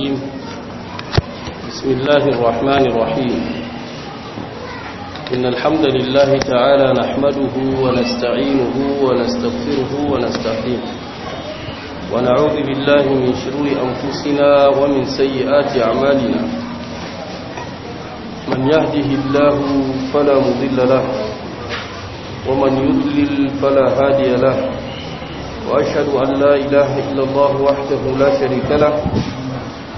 الرجيم بسم الله الرحمن الرحيم إن الحمد لله تعالى نحمده ونستعينه ونستغفره ونستهديه ونعوذ بالله من شرور أنفسنا ومن سيئات أعمالنا من يهده الله فلا مضل له ومن يضلل فلا هادي له وأشهد أن لا إله إلا الله وحده لا شريك له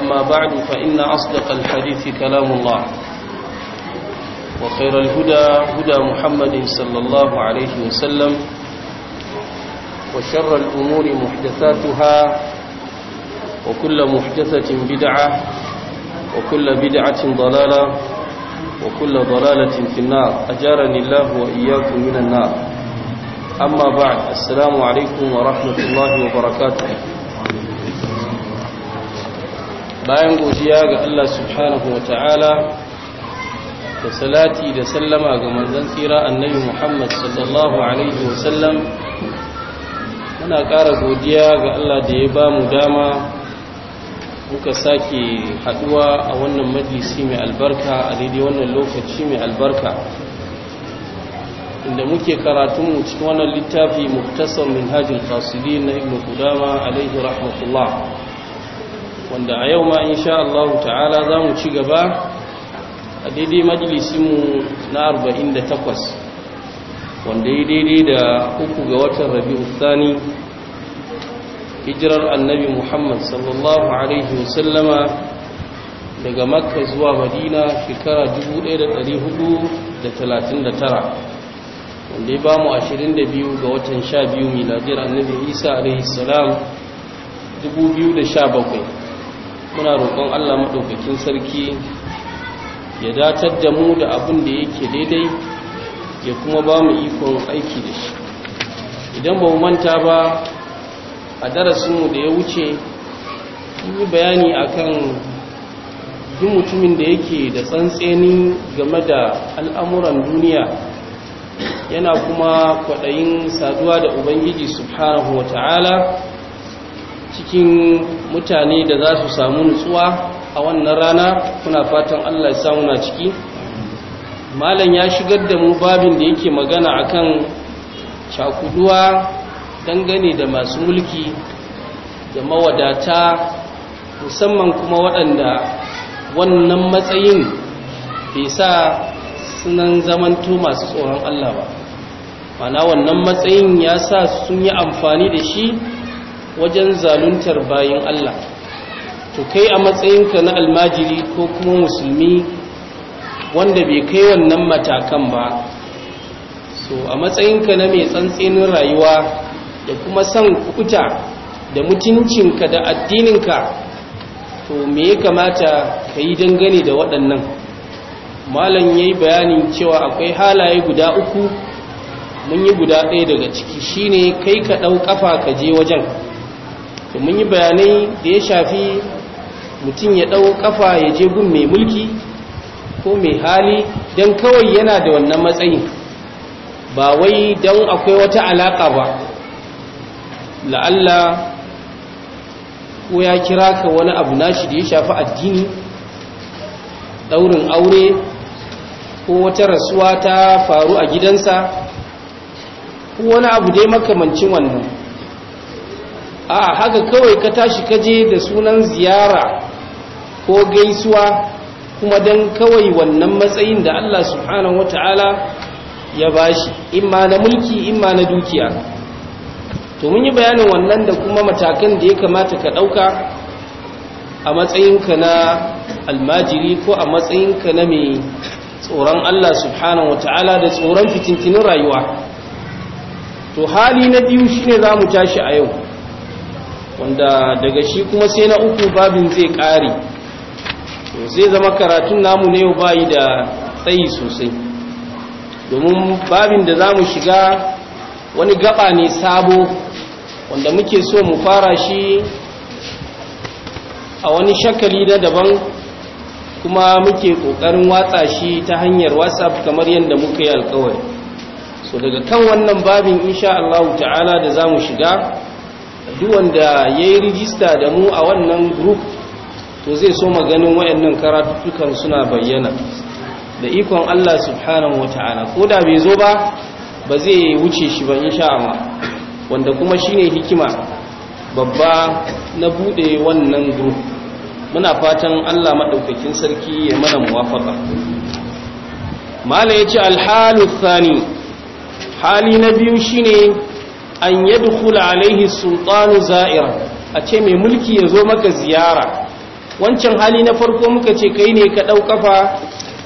أما بعد فإن أصدق الحديث كلام الله وخير الهدى هدى محمد صلى الله عليه وسلم وشر الأمور محدثاتها وكل محدثة بدعة وكل بدعة ضلالة وكل ضلالة في النار أجارني الله وإياكم من النار أما بعد السلام عليكم ورحمة الله وبركاته bayan godiya ga Allah subhanahu wa ta'ala da salati da sallama ga manzan tsira annabi Muhammad sallallahu alaihi wa sallam muna ƙara godiya ga Allah da ya bamu dama muka sake haduwa a wannan majalisi mai albarka a daidai wannan lokaci mai albarka inda muke karatun mu cikin wannan littafi muktasar hajjin fasili na ibnu qudama alaihi rahmatullah wanda a yau ma sha Allah ta'ala za mu ci gaba a daidai majalisinmu na 48 wanda yi daidai da uku ga watan rabi'u thani hijirar annabi muhammad sallallahu alaihi wasallama daga makka zuwa madina shekara 1439 wanda ya ba mu 22 ga watan 12 miladiyar annabi isa alaihi salam 2017 muna roƙon Allah maɗaukakin sarki ya datar da mu da abin da yake daidai ya kuma ba mu ikon aiki da shi idan ba manta ba a darasinmu da ya wuce yi bayani akan duk mutumin da yake da tsantseni game da al'amuran duniya yana kuma kwaɗayin saduwa da ubangiji subhanahu wa ta'ala cikin mutane da za su samu nutsuwa a wannan rana kuna fatan Allah ya samu na ciki malam ya shigar da mu babin da yake magana akan cakuduwa dangane da masu mulki da mawadata musamman kuma waɗanda wannan matsayin bai sa sunan zamanto masu tsoron Allah ba mana wannan matsayin ya sa sun yi amfani da shi wajen zaluntar bayin Allah to kai a matsayinka na almajiri ko kuma musulmi wanda bai kai wannan matakan ba so a matsayinka na mai tsantsenin rayuwa da kuma san kuta da mutuncinka da addininka to me ya kamata ka yi dangane da waɗannan malam ya yi bayanin cewa akwai halaye guda uku mun yi guda ɗaya daga ciki shine kai ka ɗau ƙafa ka je wajen to mun yi bayanai da ya shafi mutum ya ɗau ƙafa ya je gun mai mulki ko mai hali don kawai yana da wannan matsayin, ba wai don akwai wata alaƙa ba la'alla ko ya kira ka wani abu nashi da ya shafi addini ɗaurin aure ko wata rasuwa ta faru a gidansa ko wani abu dai makamancin wannan a haka kawai ka tashi kaje da sunan ziyara ko gaisuwa kuma dan kawai wannan matsayin da Allah subhanahu wata'ala ya bashi imma na mulki imma na dukiya to mun yi bayanin wannan da kuma matakan da ya kamata ka ɗauka a matsayinka na almajiri ko a matsayinka na mai tsoron Allah subhanahu wata'ala da tsoron fitintinin rayuwa to hali na biyu shine za mu tashi a yau wanda daga shi kuma sai na uku babin zai ƙare sai zama karatun namu ne bayi da tsayi sosai domin babin da za mu shiga wani gaba ne sabo wanda muke so mu fara shi a wani shakali na daban kuma muke ƙoƙarin watsa shi ta hanyar whatsapp kamar yadda muka yi alkawari so daga kan wannan babin insha Allah ta'ala da za mu shiga duk wanda yi rijista da mu a wannan group to zai so maganin wayannan karatukan suna bayyana da ikon Allah subhanahu wataala ko da bai zo ba ba zai wuce shi ba insha Allah wanda kuma shine hikima babba na bude wannan group muna fatan Allah madaukakin sarki ya mana muwafaka mala yace alhalu thani hali na biyu shine an kula alaihi sultanu za'ira a ce mai mulki ya zo maka ziyara wancan hali na farko muka ce kai ne ka ɗaukafa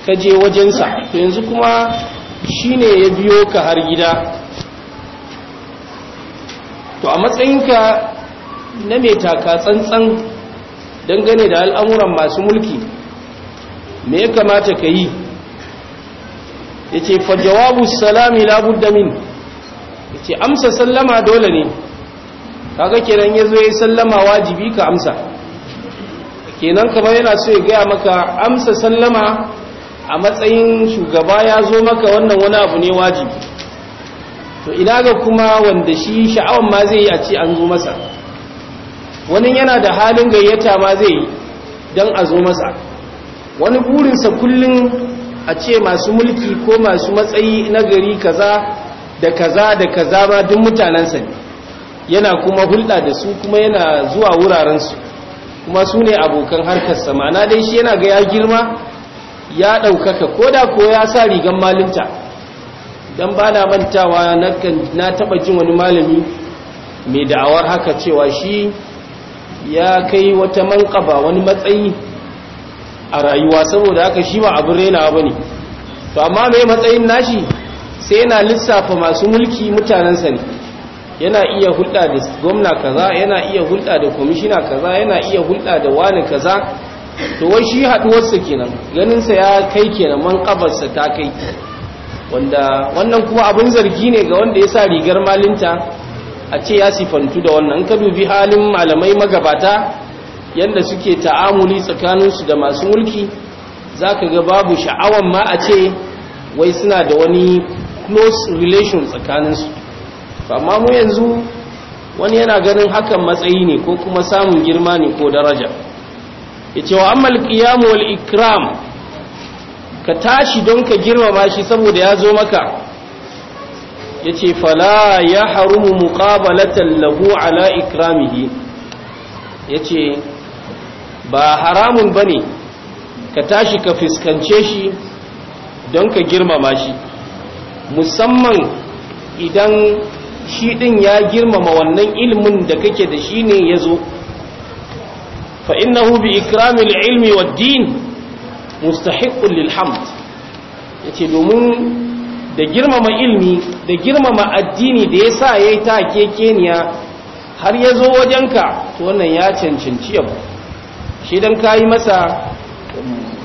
ka je wajensa to yanzu kuma shi ne ya biyo ka har gida to a matsayinka na mai taka tsantsan dangane da al'amuran masu mulki me ya kamata ka yi ya ce jawabu salami labudda min ce amsa sallama dole ne kaga kenan yazo yayi sallama wajibi ka amsa kenan kamar yana so ya gaya maka amsa sallama a matsayin shugaba ya zo maka wannan wani abu ne wajibi to ina ga kuma wanda shi sha'awan ma zai yi a ce an zo masa wani yana da halin gayyata ma zai yi don a zo masa wani burinsa kullum a ce masu mulki ko masu matsayi nagari gari kaza da kaza da kaza ma duk mutanensa ne yana kuma hulɗa da su kuma yana zuwa wurarensu kuma su ne abokan harkar harkarsa ma'ana dai shi yana ga ya girma ya ɗaukaka ko da ko ya sa rigan malinta don ba na mantawa na taɓa jin wani malami mai da'awar haka cewa shi ya kai wata manƙaba wani matsayi a rayuwa saboda haka shi ba abin rainawa ba ne to amma mai matsayin nashi sai yana lissafa masu mulki mutanensa ne yana iya hulɗa da gwamna kaza yana iya hulɗa da kwamishina kaza yana iya hulɗa da wani kaza to wai shi haɗuwarsa kenan ganinsa ya kai kenan manƙabarsa ta kai wanda wannan kuma abin zargi ne ga wanda ya sa rigar malinta a ce ya sifantu da wannan ka dubi halin malamai magabata yadda suke ta'amuli tsakaninsu da masu mulki za ka ga babu sha'awan ma a ce wai suna da wani close relation tsakaninsu amma mu yanzu wani yana ganin hakan matsayi ne ko kuma samun girma ne ko daraja ya ce wa ammal qiyam wal ikram ka tashi don ka girmama shi saboda ya zo maka ya ce fala ya harumu muqabalatan lahu ala ikramihi ya ce ba haramun bane ka tashi ka fiskance shi don ka girmama shi musamman idan shi ɗin ya girmama wannan ilmin da kake da shi ne ya zo fa'innahu bi ikramil ilmi wa din mustahiqun lilhamd ya ce domin da girmama ilmi da girmama addini da ya sa ya yi ta kekeniya har ya zo wajenka to wannan ya cancanci yabo shi don ka yi masa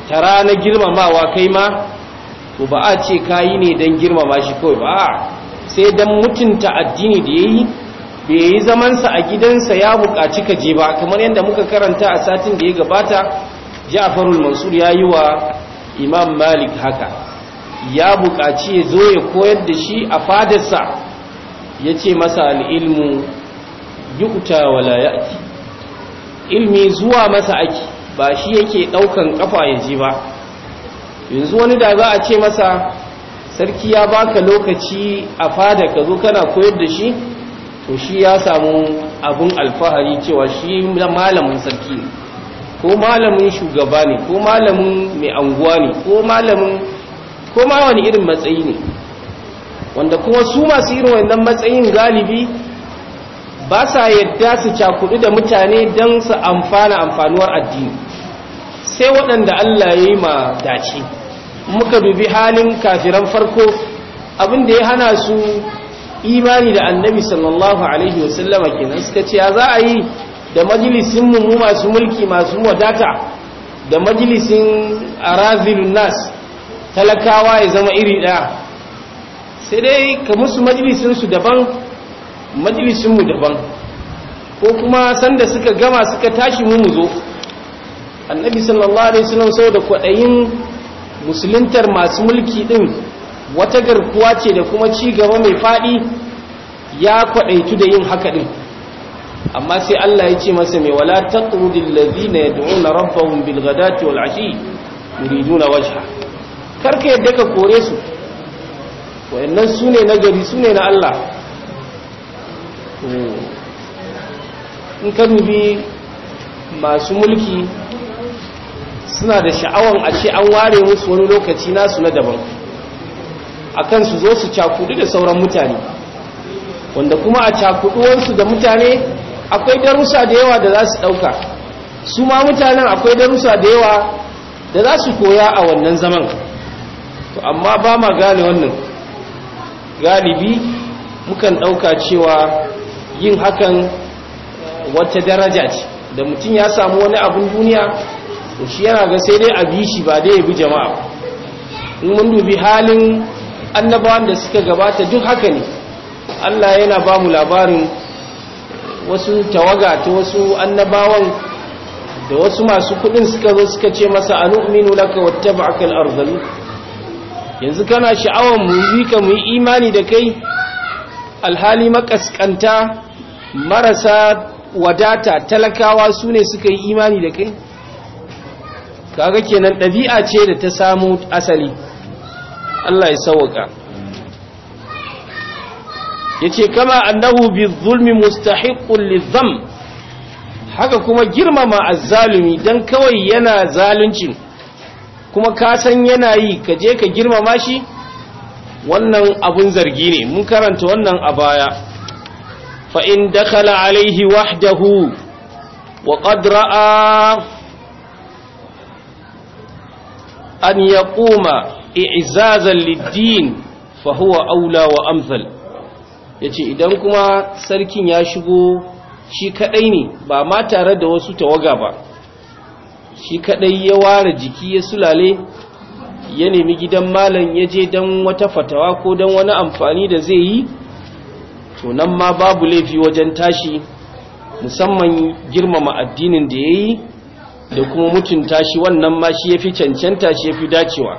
tara na girmamawa kai ma ko ba a ce kayi ne don girmama shi kawai ba sai don mutunta addini da ya yi bai yi zamansa a gidansa ya buƙaci ka je ba kamar yadda muka karanta a satin da ya gabata ja'farul mansur ya yi wa imam malik haka ya buƙaci ya zo ya koyar da shi a fadarsa ya ce masa al'ilmu yukuta wala ake ilmi zuwa masa ake ba shi yake ɗaukan ƙafa ya je ba yanzu wani da za a ce masa sarki ya baka lokaci a fada ka zo kana koyar da shi to shi ya samu abun alfahari cewa shi malamin sarki ne ko malamin shugaba ne ko malamin mai anguwa ne ko malamin ko ma wani irin matsayi ne wanda kuma su masu irin wannan matsayin galibi ba sa yadda su cakudu da mutane don su amfana amfanuwar addini sai waɗanda Allah ya yi ma dace muka dubi halin kafiran farko abin da ya hana su imani da annabi sallallahu alaihi wasallama kenan suka ce ya za a yi da majalisin mu masu mulki masu wadata da majalisin arazilun nas talakawa ya zama iri ɗaya sai dai ka musu majalisinsu daban majalisinmu daban ko kuma sanda suka gama suka tashi mu mu zo annabi sallallahu alaihi wasallam da kwaɗayin musuluntar masu mulki din wata garkuwa ce da kuma ci gaba mai fadi ya kwaɗaitu da yin haka din, amma sai Allah ya ce masa mai wala taqrudil ladina yad'una rabbahum bil ghadati wal ashi yuriduna wajha karka yadda ka kore su wayannan sune na gari sune na Allah in ka dubi masu mulki suna da sha'awan a ce an ware musu wani lokaci nasu na daban akan su zo su cakudu da sauran mutane wanda kuma a cakuduwarsu da mutane akwai darussa da yawa da za su ɗauka su ma mutanen akwai darussa da yawa da za su koya a wannan zaman to amma ba ma gane wannan galibi mukan ɗauka cewa yin hakan wata daraja ce da mutum ya samu wani abin duniya to shi yana ga sai dai a bi shi ba dai ya bi jama'a in mun dubi halin annabawan da suka gabata duk haka ne Allah yana ba mu labarin wasu tawaga ta wasu annabawan da wasu masu kudin suka zo suka ce masa nu'minu laka wattaba'aka al-ardhalu yanzu kana sha'awar mu yi ka mu yi imani da kai alhali makaskanta marasa wadata talakawa sune suka yi imani da kai kaga kenan ɗabi'a ce da ta samu asali Allah ya Ya yace kama annahu bizulmi mustahiqqun lizam haka kuma girmama azzalumi dan kawai yana zalunci kuma ka san yana yi ka je ka girmama shi wannan abun zargi ne mun karanta wannan a baya fa in dakhala alaihi wahdahu wa qad an ya i'zazan a izazan fa huwa aula wa amsal ce idan kuma sarkin ya shigo shi kadai ne ba ma tare da wasu tawaga ba shi kadai ya ware jiki ya sulale ya nemi gidan malam ya je don wata fatawa ko don wani amfani da zai yi to nan ma babu laifi wajen tashi musamman girmama addinin da ya yi da kuma mutunta shi wannan ma shi yafi cancanta shi yafi dacewa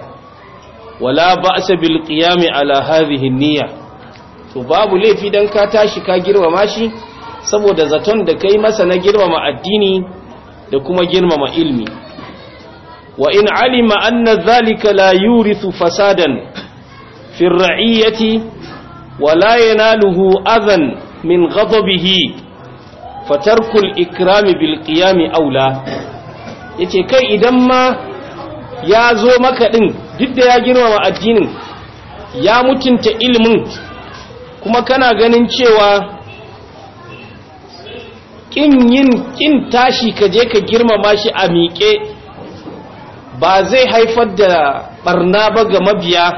wala ba'sa bil qiyami ala hadhihi niyya to babu laifi dan ka tashi ka girmama shi saboda zaton da kai masa na girmama addini da kuma girmama ilmi wa in alima anna zalika la yurithu fasadan Firra'iyyati wala raiyati yanaluhu azan min gababihi fatarkul ikrami bil aula ya ce kai idan ma ya zo maka ɗin duk da ya girmama addinin ya mutunta ilimin kuma kana ganin cewa ƙin yin ƙin tashi ka je ka girmama shi a miƙe ba zai haifar da ɓarna ba ga mabiya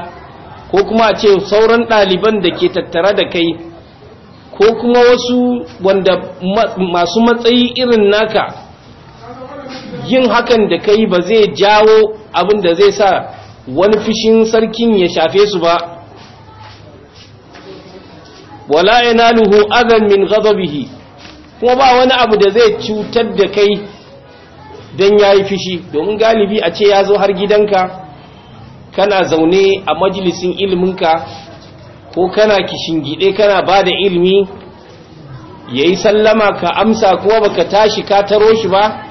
ko kuma a ce sauran ɗaliban da ke tattara da kai ko kuma wasu wanda masu matsayi irin naka yin hakan da kai ba zai jawo abin da zai sa wani fishin sarkin ya shafe su ba wala yanaluhu adan min ghadabihi kuma ba wani abu da zai cutar da kai dan yayi fushi? domin galibi a ce ya zo har gidanka kana zaune a majalisin iliminka ko kana kishin gide kana ba da ilimi yayi sallama ka amsa kuma baka tashi ka taro shi ba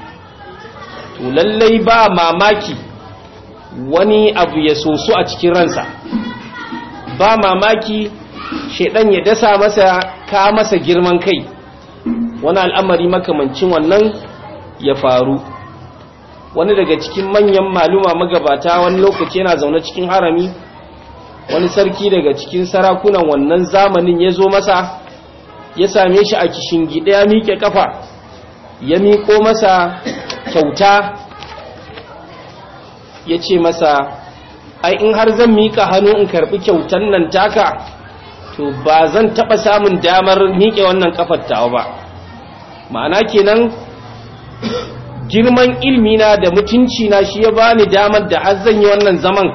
to lallai ba mamaki wani abu ya soso a cikin ransa ba mamaki shaidan ya dasa masa ka masa girman kai wani al'amari makamancin wannan ya faru wani daga cikin manyan maluma magabata wani lokaci yana zaune cikin harami wani sarki daga cikin sarakunan wannan zamanin ya zo masa ya same shi a kishin gida ya miƙe kafa ya miƙo masa kyauta ya ce masa ai in har zan miƙa hannu in karɓi kyautan nan taka to ba zan taɓa samun damar miƙe wannan ƙafar tawa ba ma'ana kenan girman ilmina da mutuncina shi ya bani damar da har zan yi wannan zaman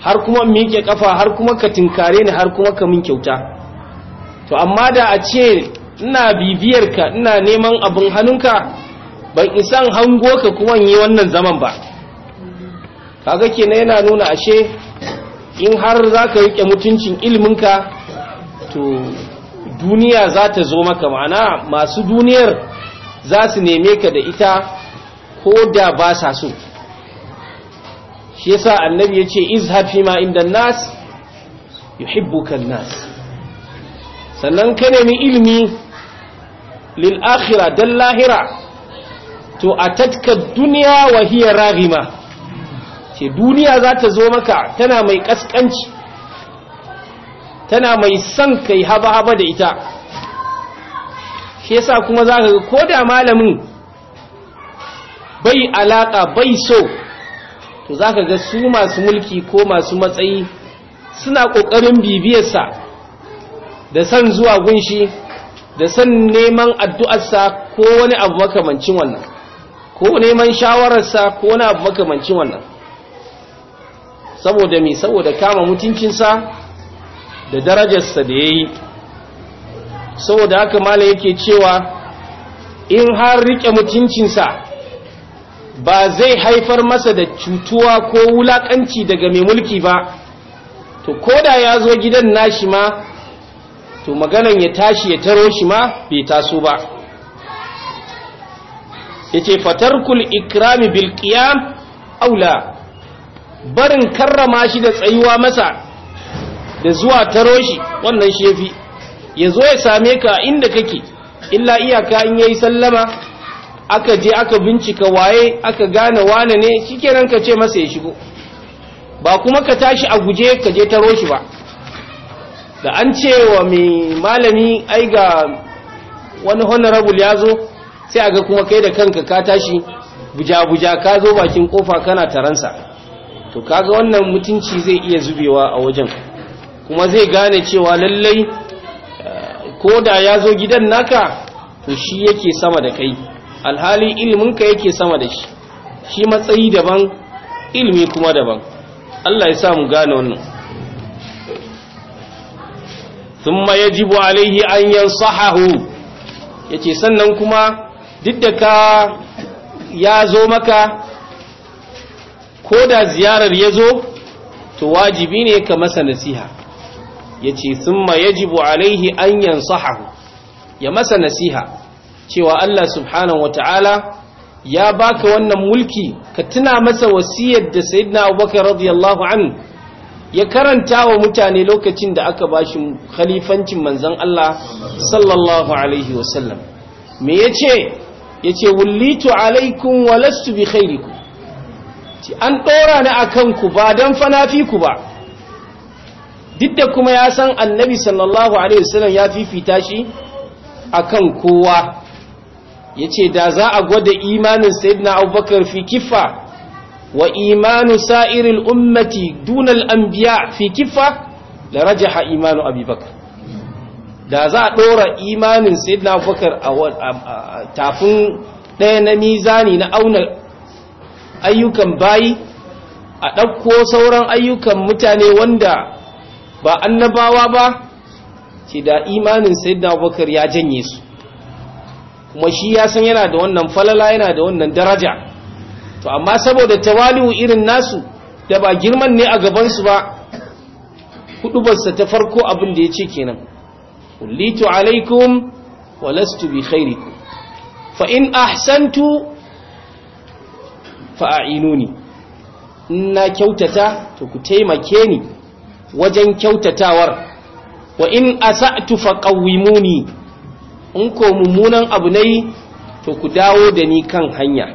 har kuma miƙe ƙafa har kuma ka tinkare ni har kuma ka min kyauta to amma da a ce ina bibiyarka ina neman abin hannunka ban isan hango ka kuma yi wannan zaman ba kaga kenan yana nuna ashe in har za ka riƙe mutuncin ka to duniya za ta zo maka ma'ana masu duniyar za su neme ka da ita ko da ba sa so shi yasa annabi yace fi ma inda nas yuhibbuka nas sannan ka nemi ilmi lil akhirah dal lahira to a tatka duniya wa hiyar ragima ce duniya za ta zo maka tana mai kaskanci tana mai son kai haba-haba da ita shi yasa kuma za ka ga ko da malamin bai alaƙa bai so to za ka ga su masu mulki ko masu matsayi suna ƙoƙarin bibiyarsa da san zuwa gunshi da san neman addu'arsa ko wani abu makamancin wannan ko neman shawararsa ko na makamancin wannan saboda mi saboda kama mutuncinsa da darajarsa da ya yi saboda haka mala yake cewa in har riƙe mutuncinsa ba zai haifar masa da cutuwa ko wulaƙanci daga mai mulki ba to koda ya zo gidan nashi ma to maganan ya tashi ya taro shi ma bai taso ba yace fatarkul ikrami bil qiyam aula barin karrama shi da tsayuwa masa da zuwa taro shi wannan shefi yazo ya same ka inda kake illa iyaka in yayi sallama aka je aka bincika waye aka gane wane ne shikenan ka ce masa ya shigo ba kuma ka tashi a guje ka je taro shi ba da an ce wa mai malami ai ga wani honorable ya zo sai a ga kuma kai da kanka ka tashi buja-buja ka zo bakin kofa kana taransa to kaga wannan mutunci zai iya zubewa a wajen kuma zai gane cewa lallai eh, ko da ya zo gidan naka to shi yake sama da kai alhali ka yake sama da shi shi matsayi daban ilimi kuma daban Allah ya sa mu gane wannan thumma yajibu alayhi an yansahahu yace sannan kuma duk da ka ya zo maka ko da ziyarar ya zo to wajibi ne ka masa nasiha ya ce sun ma yajibu alaihi an saha ya masa nasiha cewa Allah subhanahu wa ta'ala ya baka wannan mulki ka tuna masa wasiyar da sayidina abubakar radiyallahu an ya karanta wa mutane lokacin da aka bashi khalifancin manzon Allah sallallahu alaihi wasallam me yace yace wullitu alaikum wa lastu bi an ɗora ni akan ku ba dan fanafiku ku ba duk da kuma ya san annabi sallallahu alaihi wasallam ya fifita shi akan kowa yace da za a gwada imanin sayyidina abubakar fi kiffa wa imanu sa'iril ummati dunal biya fi kiffa la rajaha imanu abubakar da za a ɗora imanin sayyidina abubakar a tafin ɗaya na mizani na auna ayyukan bayi a ɗauko sauran ayyukan mutane wanda ba annabawa ba ce da imanin sayyidina abubakar ya janye su kuma shi ya san yana da wannan falala yana da wannan daraja to amma saboda tawali'u irin nasu da ba girman ne a gabansu ba hudubarsa ta farko abin da ya ce kenan kullitu alaikum wa lastu bi khairikum fa in ahsantu fa a'inuni inna kyautata to ku taimake ni wajen kyautatawar wa in asa'tu fa qawwimuni in ko mummunan abu nayi to ku dawo da ni kan hanya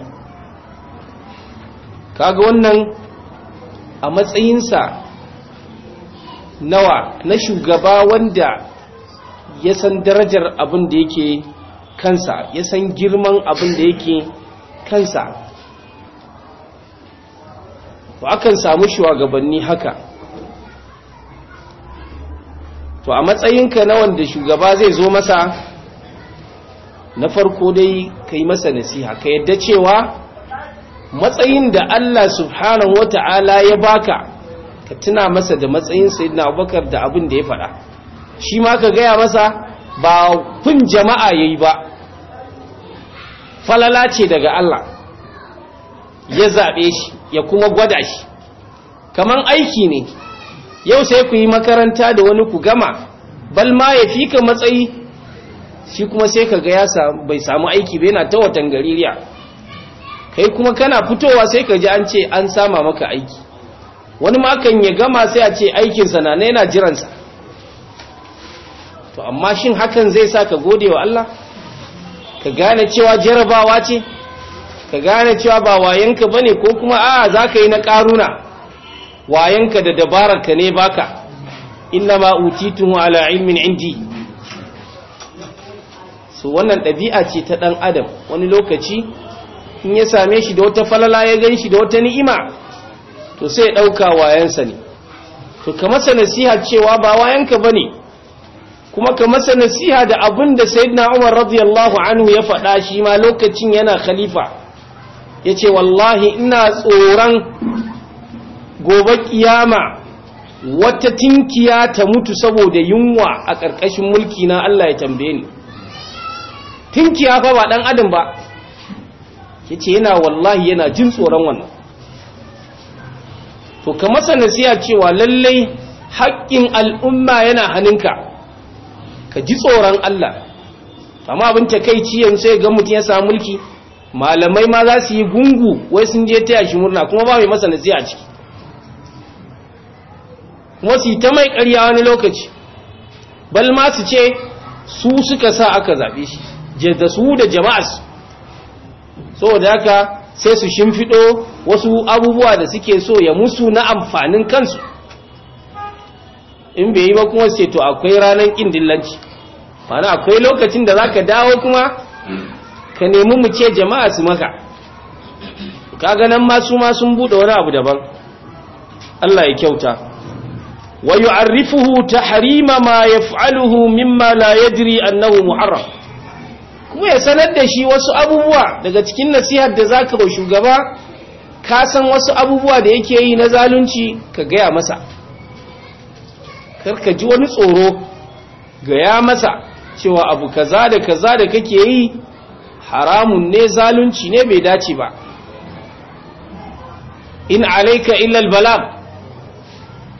kaga wannan a matsayinsa nawa na shugaba wanda ya san darajar abin da yake kansa ya san girman abin da yake kansa to akan samu shugabanni haka to a matsayinka na wanda shugaba zai zo masa na farko dai ka yi masa nasiha ka yadda cewa matsayin da Allah subhanahu Ta'ala ya baka ka tuna masa da matsayin sayyidina abubakar da abin da ya faɗa shi ma ka gaya masa ba kun jama'a yayi ba falala ce daga Allah ya zaɓe shi ya kuma gwada shi kamar aiki ne yau sai ku yi makaranta da wani ku gama bal ma ya fi ka matsayi shi kuma sai ka ga bai samu aiki ba yana ta watan gaririya kai kuma kana fitowa sai ka ji an ce an sama maka aiki wani makan ya gama sai a ce aikinsa na na yana jiransa to amma shin hakan zai sa ka gode wa Allah ka gane cewa jarabawa ce ka gane cewa ba wayanka bane ko kuma a za ka yi na karuna wayanka da dabararka ne baka inna ma utituhu ala ilmin indi so wannan ɗabi'a ce ta ɗan adam wani lokaci in ya same shi da wata falala ya gan shi da wata ni'ima to sai ya ɗauka wayansa ne to ka masa nasiha cewa ba wayanka ba ne kuma ka masa nasiha da abin da sayyidina Umar radiyallahu anhu ya faɗa shi ma lokacin yana khalifa yace wallahi ina tsoron gobe kiyama wata tinkiya ta mutu saboda yunwa a ƙarƙashin mulki na Allah ya tambaye ni tinkiya fa ba dan adam ba yace yana wallahi yana jin tsoron wannan to ka masa nasiha cewa lallai haƙƙin al'umma yana hannunka ka ji tsoron Allah amma abin takeici yanzu sai ga mutum ya samu mulki malamai ma za su yi gungu wai sun je taya shi murna kuma ba mai masa nasiha a ciki kuma su yi ta mai ƙarya wani lokaci bal ma su ce su suka sa aka zaɓe shi da su da jama'as saboda haka sai su shimfiɗo wasu abubuwa da suke so ya musu na amfanin kansu in bai yi ba kuma sai to akwai ranar ƙin dillanci mana akwai lokacin da za ka dawo kuma ka nemi mu ce jama'a su maka kaga nan ma ma sun buɗe wani abu daban Allah ya kyauta wa yu'arrifuhu tahrima ma yaf'aluhu mimma la yadri annahu muharram kuma ya sanar da shi wasu abubuwa daga cikin nasihar da zaka ba shugaba ka san wasu abubuwa da yake yi na zalunci ka gaya masa karka ji wani tsoro gaya masa cewa abu kaza da kaza da kake yi haramun ne zalunci ne bai dace ba in alaika illal balam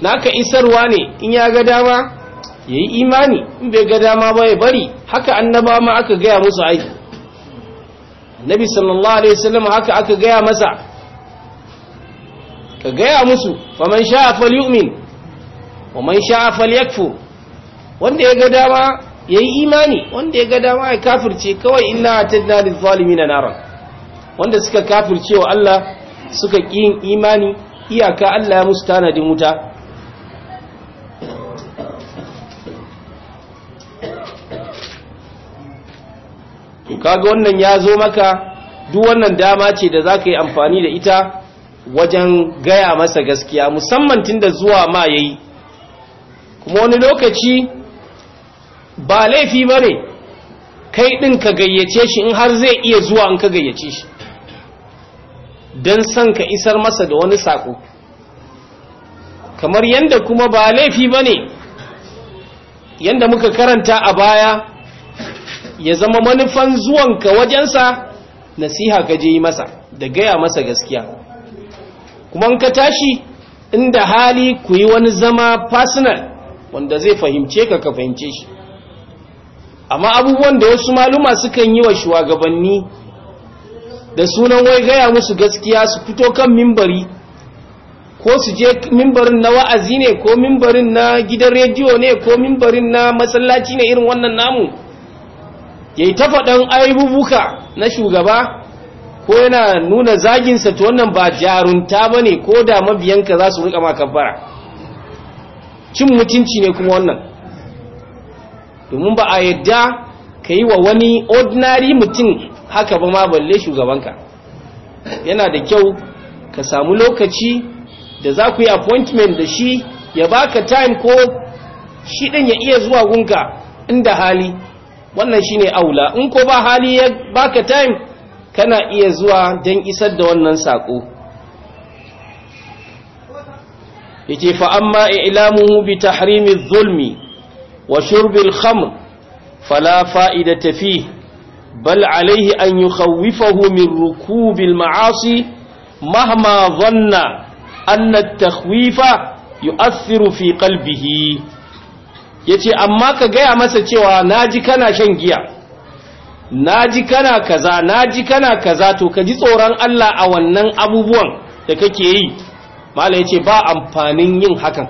naka isarwa ne in ya ga dama yayi imani in bai ga dama ba ya bari haka annaba ma aka gaya musu aiki annabi sallallahu alaihi wasallam haka aka gaya masa ka gaya musu faman sha'a falyu'min wa man sha'a wanda ya ga dama yayi imani wanda ya ga dama ya kafirce kawai inna atadna lil zalimin naran wanda suka kafirce wa Allah suka yin imani iyaka Allah ya musu tanadin wuta to kaga wannan ya zo maka duk wannan dama ce da zaka yi amfani da ita wajen gaya masa gaskiya musamman tunda zuwa ma yayi kuma wani lokaci ba laifi ba ne kai ɗin ka gayyace shi in har zai iya zuwa in ka gayyace shi don son ka isar masa da wani sako kamar yadda kuma ba laifi ba ne yadda muka karanta a baya ya zama manufan zuwanka wajensa nasiha ka je yi masa da gaya masa gaskiya kuma ka tashi inda hali ku yi wani zama personal wanda zai fahimce ka ka fahimce shi amma abubuwan da wasu maluma sukan yi wa shugabanni da sunan wai gaya musu gaskiya su fito kan mimbari ko su je mimbarin na wa'azi ne ko mimbarin na gidan rediyo ne ko mimbarin na masallaci ne irin wannan namu ya yi ta faɗan aibubuka na shugaba ko yana nuna zaginsa to wannan ba jarunta ba ne ko da mabiyanka za su rika makabara cin mutunci ne kuma wannan domin ba a yadda ka yi wa wani ordinary mutum haka ba ma balle shugabanka yana da kyau ka samu lokaci da za ku yi appointment da shi ya baka time ko shi ɗin ya iya zuwa gunka inda hali wannan shi ne aula in ko ba hali ya baka time kana iya zuwa don isar da wannan saƙo yace fa amma i'lamuhu bi tahrimi zulmi wa shurbil khamr fala fa'idata tafi bal alayhi an yukhawwifahu min rukubi maasi mahma dhanna anna at-takhwifa yu'athiru fi qalbihi yace amma ka gaya masa cewa naji kana shan giya naji kana kaza naji kana kaza to ka ji tsoron Allah a wannan abubuwan da kake yi mala ya ce ba amfanin yin hakan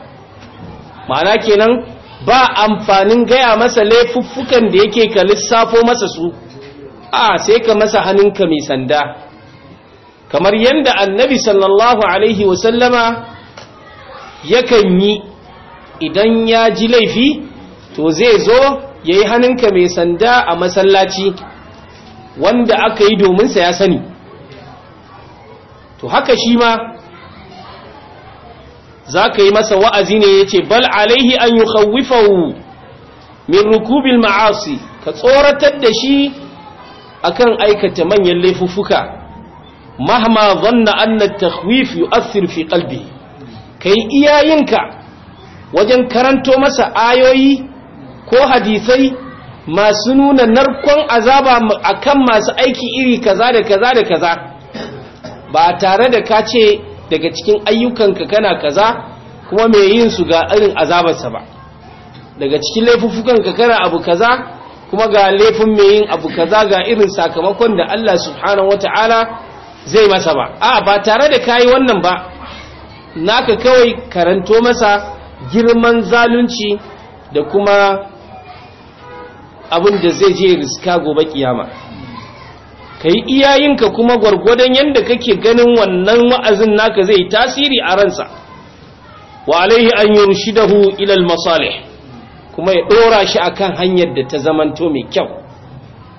mana kenan ba amfanin gaya masa laifuffukan da yake ka lissafo masa su a sai ka masa hannunka mai sanda kamar yadda annabi sallallahu alaihi wasallama yakan yi idan ya ji laifi to zai zo ya yi hannunka mai sanda a masallaci wanda aka yi dominsa ya sani to haka shi ma za ka yi masa wa'azi ne ya ce bal alaihi an yi khawifawu min rukubil ma'asi ka tsoratar da shi akan aikata manyan laifufuka mahama zanna anna yi asirfi fi Ka yi iyayinka wajen karanto masa ayoyi ko hadisai masu nuna narkon azaba akan masu aiki iri kaza da kaza da kaza ba tare da ka ce daga cikin ayyukanka kana kaza kuma mai yin su ga irin azabarsa ba daga cikin laifuffukanka kana abu kaza kuma ga laifin mai yin abu kaza ga irin sakamakon da Allah subhanahu wata'ala zai masa ba a ba tare da kayi wannan ba naka kawai karanto masa girman zalunci da kuma abin da zai je riska gobe kiyama ka yi iyayenka kuma gwargwadon yadda kake ganin wannan wa'azin naka zai tasiri a ransa wa alaihi an yi rushidahu ilal masalih kuma ya ɗora shi akan hanyar da ta zamanto mai kyau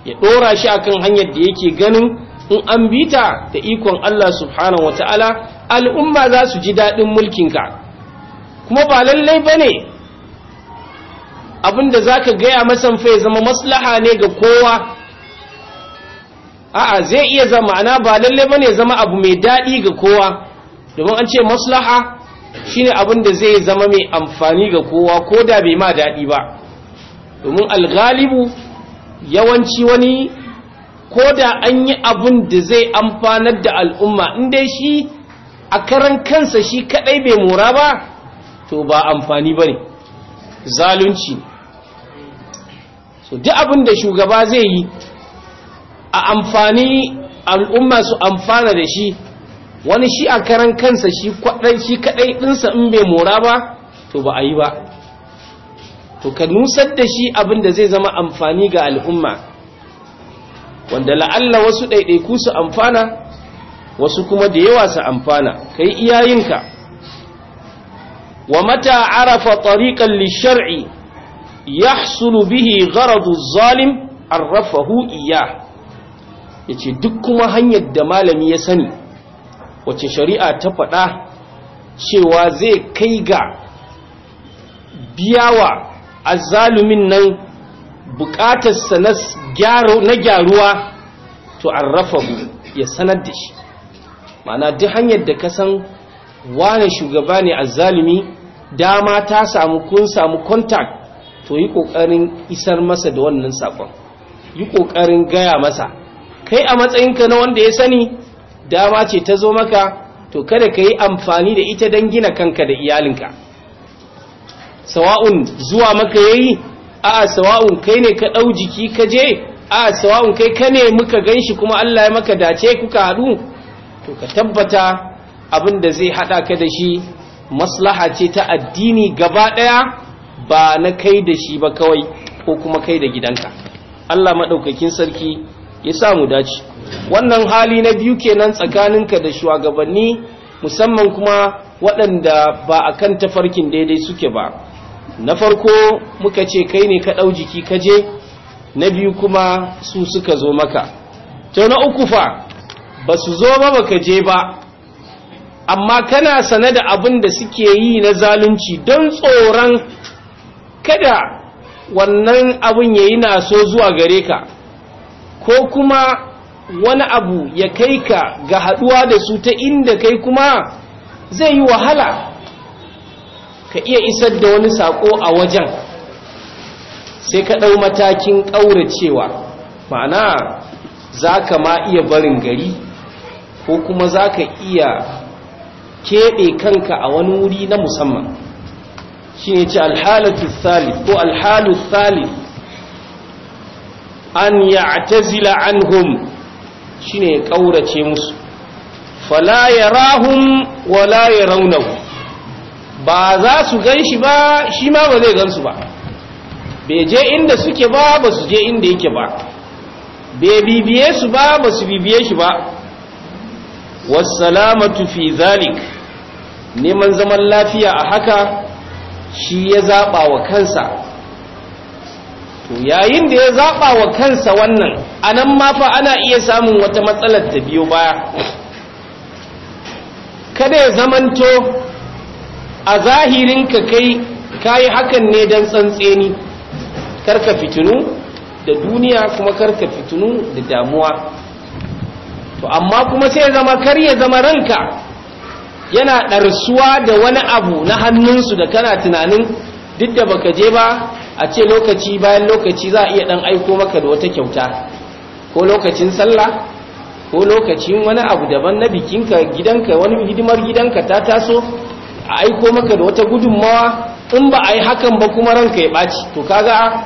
ya ɗora shi akan hanyar da yake ganin in an bita da ikon Allah subhanahu wa ta'ala al'umma za su ji daɗin mulkinka kuma ba lallai ba ne da za ka gaya masan fai zama maslaha ne ga kowa a'a zai iya zama ma'ana ba lalle bane ya zama abu mai daɗi ga kowa domin an ce maslaha shine abin da zai zama mai amfani ga kowa ko da bai ma daɗi ba domin algalibu yawanci wani ko da an yi abin da zai amfanar da al'umma in dai shi a karan kansa shi kaɗai bai mora ba to ba amfani bane zalunci so duk abin da shugaba zai yi a amfani al'umma su amfana da shi wani shi a karan kansa shi kwaɗan shi kaɗai ɗinsa in bai mora ba to ba a yi ba to ka nusar da shi abin da zai zama amfani ga al'umma wanda la'alla wasu ɗaiɗaiku su amfana wasu kuma da yawa su amfana ka yi iyayenka wa mata arafa tariƙan lishar'i ya bihi gharadu zalim arrafahu iya ya ce duk kuma hanyar da malami ya sani wacce shari'a ta faɗa cewa zai kai ga biyawa zalumin nan bukatarsa na gyaruwa to an rafa ya sanar da shi mana duk hanyar da ka san wane shugaba ne a zalumi, dama ta samu kun samu kontak to yi kokarin isar masa da wannan sakon yi kokarin gaya masa kai a matsayinka na wanda ya sani dama ce ta zo maka to kada ka yi amfani da ita don gina kanka da iyalinka sawa'un zuwa maka yayi a'a sawa'un kai ne ka ɗau jiki ka je a'a sawa'un kai ka ne muka gan shi kuma Allah ya maka dace kuka haɗu to ka tabbata abin da zai haɗa ka da shi maslaha ce ta addini gaba ɗaya ba na kai da shi ba kawai ko kuma kai da gidanka Allah maɗaukakin sarki ya sa mu dace wannan hali na biyu kenan tsakaninka da shugabanni musamman kuma waɗanda ba a kan tafarkin daidai suke ba na farko muka ce kai ne ka ɗau jiki ka je na biyu kuma su suka zo maka to na uku fa ba su zo ba ka je ba amma kana sane da abin da suke yi na zalunci don tsoron kada wannan abin ya yi naso zuwa gare ka ko kuma wani abu ya kai ka ga haduwa da su ta inda kai kuma zai yi wahala ka iya isar da wani sako a wajen sai ka ɗau matakin ƙaura cewa ma'ana za ka ma iya barin gari ko kuma za ka iya keɓe kanka a wani wuri na musamman shi ne ce alhalatu thalith ko alhalu thalith an ya'tazila anhum shine ya kaurace musu fala yarahum wala yarawnahu ba za su ganshi ba shi ma ba zai gansu ba bai je inda suke ba ba su je inda yake ba bai bibiye su ba ba su bibiye shi ba wassalamatu fi zalik neman zaman lafiya a haka shi ya zaɓa wa kansa to yayin da ya zaba wa kansa wannan anan ma fa ana iya samun wata matsalar ta biyo baya kada ya zamanto a zahirin ka kai kayi hakan ne dan tsantseni karka fitinu da duniya kuma karka fitinu da damuwa to amma kuma sai zama kar ya zama ranka yana ɗarsuwa da wani abu na hannunsu da kana tunanin duk da baka je ba a ce lokaci bayan lokaci za a iya dan aiko maka da wata kyauta ko lokacin sallah ko lokacin wani abu daban na bikinka gidanka wani hidimar gidanka ta taso a aiko maka da wata gudunmawa in ba a yi hakan ba kuma ranka ya ɓaci to kaga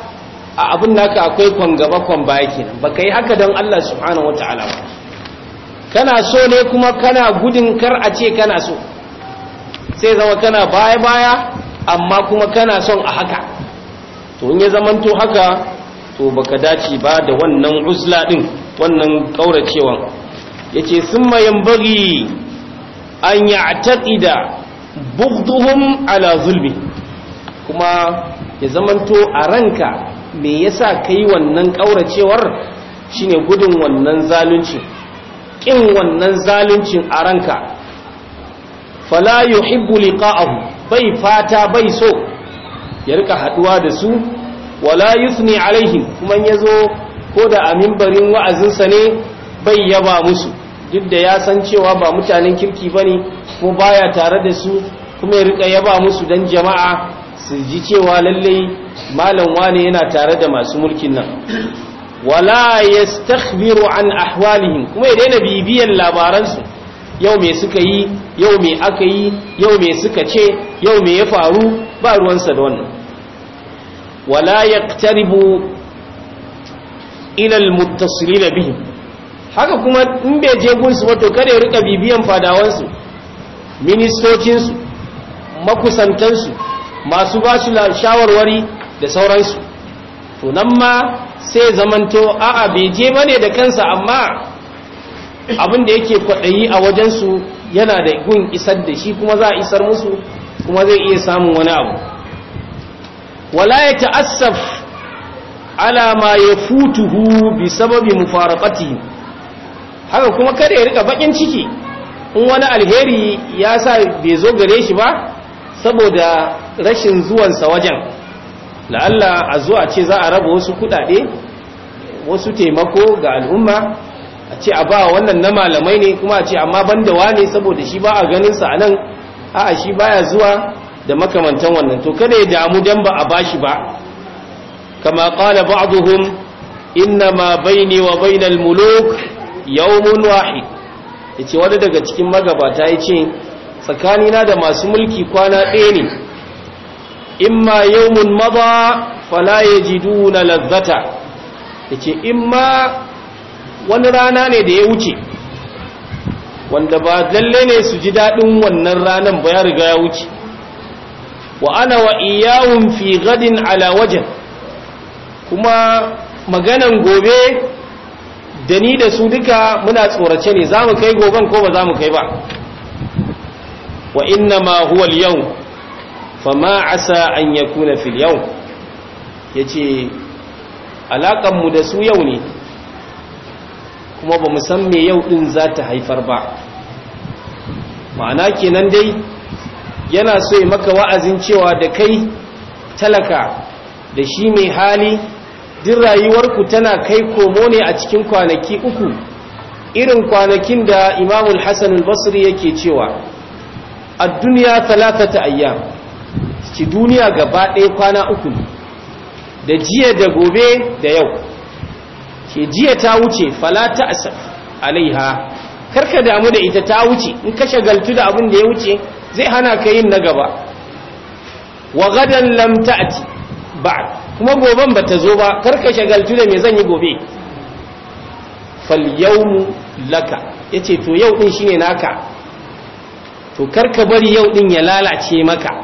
a abin naka akwai kwan gaba kwan baya kenan ba ka yi haka don Allah subhanahu wata'ala ba kana so ne kuma kana gudun kar a ce kana so sai zama kana baya baya amma kuma kana son a haka to in ya zamanto haka to baka dace ba da wannan uzla din wannan kauracewan yace summa yanbaghi an ya'taqida bughduhum ala zulmi kuma ya zamanto a ranka me yasa kai wannan kauracewar shine gudun wannan zalunci kin wannan zaluncin a ranka fala yuhibbu liqa'ahu bai fata bai so ya rika haduwa da su wala yusni alaihim kuma ya zo ko da a mimbarin wa'azinsa ne bai yaba musu duk da ya san cewa ba mutanen kirki ba ne ko baya tare da su kuma ya rika yaba musu dan jama'a su ji cewa lallai malam wane yana tare da masu mulkin nan wala yastakhbiru an ahwalihim kuma ya daina bibiyan labaransu yau me suka yi yau me aka yi yau me suka ce yau me ya faru ba ruwansa da wannan wala ilal ila almuttasilina bihi haka kuma in bai je gunsu ba to kada ya riƙa bibiyan fadawansu ministocinsu makusantansu masu ba su shawarwari da sauransu to nan ma sai zamanto a'a bai je bane da kansa amma abin da yake kwaɗayi a wajensu yana da gun isar da shi kuma za a isar musu kuma zai iya samun wani abu wala ya ta'assaf ala ma futuhu bi sababi mufaraqati haka kuma kada ya rika bakin ciki in wani alheri ya sa bai zo gare shi ba saboda rashin zuwan sa wajen la'alla a zuwa ce za a raba wasu kudade wasu taimako ga al'umma a ce a ba wannan na malamai ne kuma a ce amma banda ne saboda shi ba a ganinsa a nan a'a shi baya zuwa da makamantan wannan to kada ya damu dan ba a bashi ba kama qala ba'dhum inna ma baini wa bainal muluk yawmun wahid yace wanda daga cikin magabata yace tsakanina da masu mulki kwana ɗaya ne imma yawmun madha fala yajiduna ladhata yace imma wani rana ne da ya wuce wanda ba lalle ne su ji daɗin wannan ranar ba ya riga ya wuce wa ana wa iyawun fi gadin ala wajen kuma maganan gobe da ni da su duka muna tsorace ne za mu kai goben ko ba za mu kai ba wa inna ma huwa yau ma asa an ya kuna fil yau ya ce alaƙanmu da su yau ne kuma ba san me yau din za ta haifar ba ma'ana kenan dai yana so ya maka wa'azin cewa da kai talaka da shi mai hali din rayuwarku tana kai komo ne a cikin kwanaki uku irin kwanakin da imamul hassan basri yake cewa a duniya talata ta ayya ci duniya gaba ɗaya kwana uku da jiya da gobe da yau ke jiya ta wuce fala ta asaf alaiha karka damu da ita ta wuce in ka shagaltu da abin da ya wuce zai hana ka yin na gaba wa gadan lam ta'ti ba kuma goben ta zo ba karka shagaltu da me zan yi gobe fal yawm laka yace to yau din shine naka to karka bari yau din ya lalace maka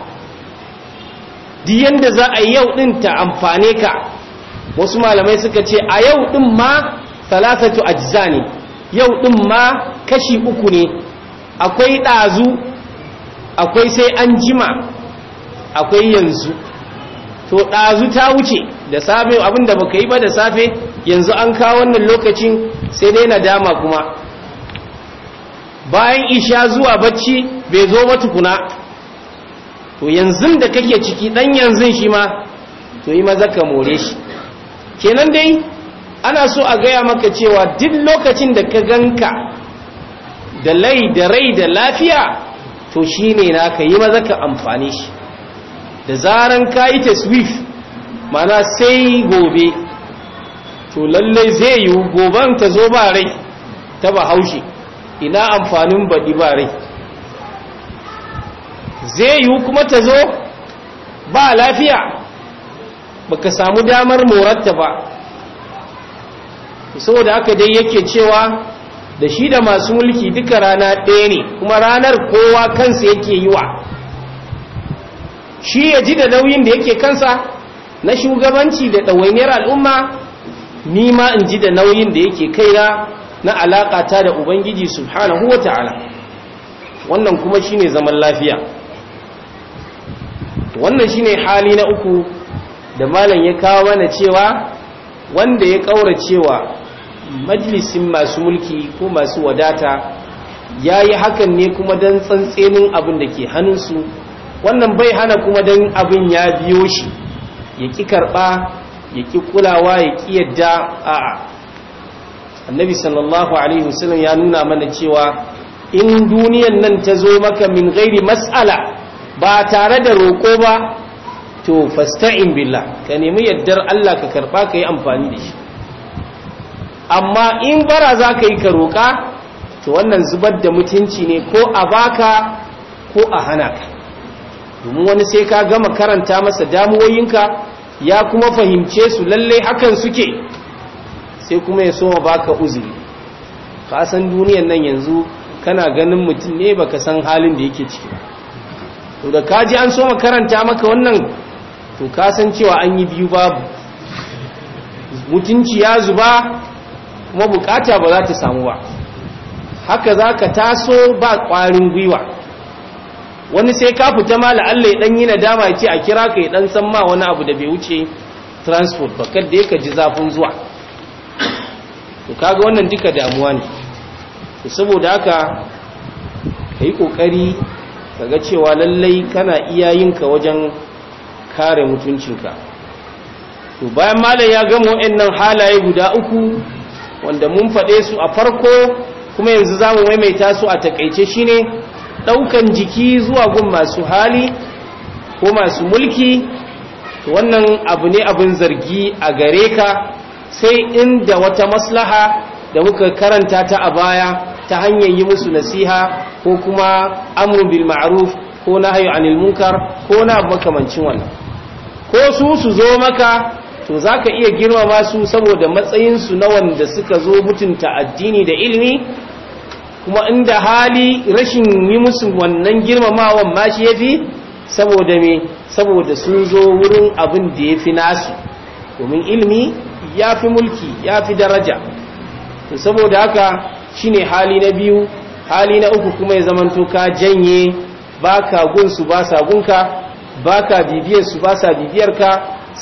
duk yanda za a yi yau din ta amfane ka wasu malamai suka ce a yau din ma salasatu ajza ne yau din ma kashi uku ne akwai ɗazu akwai sai an jima akwai yanzu to ɗazu ta wuce da safe abinda baka yi ba da safe yanzu an kawo wannan lokacin sai dai na dama kuma bayan isha zuwa bacci bai zo ba tukuna to yanzu da kake ciki ɗan yanzu shi ma to yi maza ka more shi kenan dai ana so a gaya maka cewa duk lokacin da ka ganka da lai da rai da lafiya to shi ne na ka yi maza ka amfani shi da zaran ka yi ta taswif mana sai gobe to lallai zai yi goban ta zo ba rai ta ba haushe ina amfanin baɗi ba rai zai yi kuma ta zo ba lafiya baka samu damar moratta ba saboda aka dai yake cewa da shi da masu mulki duka rana ɗaya ne kuma ranar kowa kansa yake yi wa shi ya ji da nauyin da yake kansa na shugabanci da ɗawainiyar al'umma ni ma in ji da nauyin da yake kaina na alaƙata da ubangiji subhanahu wa ta'ala wannan kuma shine zaman lafiya wannan shine hali na uku da malam ya kawo mana cewa wanda ya kaura cewa majalisin masu mulki ko masu wadata ya yi hakan ne kuma don tsantsenin abin da ke hannunsu wannan bai hana kuma don abin ya biyo shi ya ƙi karɓa ya ƙi kulawa ya ƙi yadda a'a annabi sallallahu alaihi wasallam ya nuna mana cewa in duniyan nan ta zo maka min gairi matsala ba tare da roƙo ba to fasta'in billah ka nemi yaddar Allah ka karba ka yi amfani da shi amma in bara za ka yi ka roƙa to wannan zubar da mutunci ne ko a baka ko a hana ka domin wani sai ka gama karanta masa damuwoyinka ya kuma fahimce su lallai hakan suke sai kuma ya soma baka uzuri ka san duniyan nan yanzu kana ganin mutum ne baka san halin da yake ciki to da kaji an soma karanta maka wannan to cewa an yi biyu babu mutunci ya zuba kuma bukata ba za ta samu ba haka za ka taso ba ƙwarin gwiwa wani sai ka fita ma la'allai ɗan yi nadama ce a kira ka yi ɗan san ma wani abu da bai wuce transport ba kadda ya ka ji zafin zuwa to kaga wannan duka damuwa ne to saboda haka ka yi ƙoƙari ka ga cewa lallai kana iya yinka wajen kare mutuncinka to bayan malam ya gama wa'annan halaye guda uku wanda mun faɗe su a farko kuma yanzu za mu maimaita su a takaice shine ɗaukan jiki zuwa gun masu hali ko masu mulki wannan abu ne abin zargi a gare ka sai inda wata maslaha da muka karanta ta a baya ta hanyar yi musu nasiha ko kuma amrun bil ma'ruf ko nahyu anil munkar ko na makamancin wannan ko su su zo maka to za ka iya girmama su saboda matsayin su na wanda suka zo mutunta addini da ilimi kuma inda hali rashin yi musu wannan girmamawan ma shi ya fi saboda me saboda sun zo wurin abin da ya fi nasu domin ilimi ya fi mulki ya fi daraja to saboda haka shine hali na biyu hali na uku kuma ya zamanto ka janye ba ka gunsu ba sa gunka ba ka bibiyar su ba sa bibiyar ka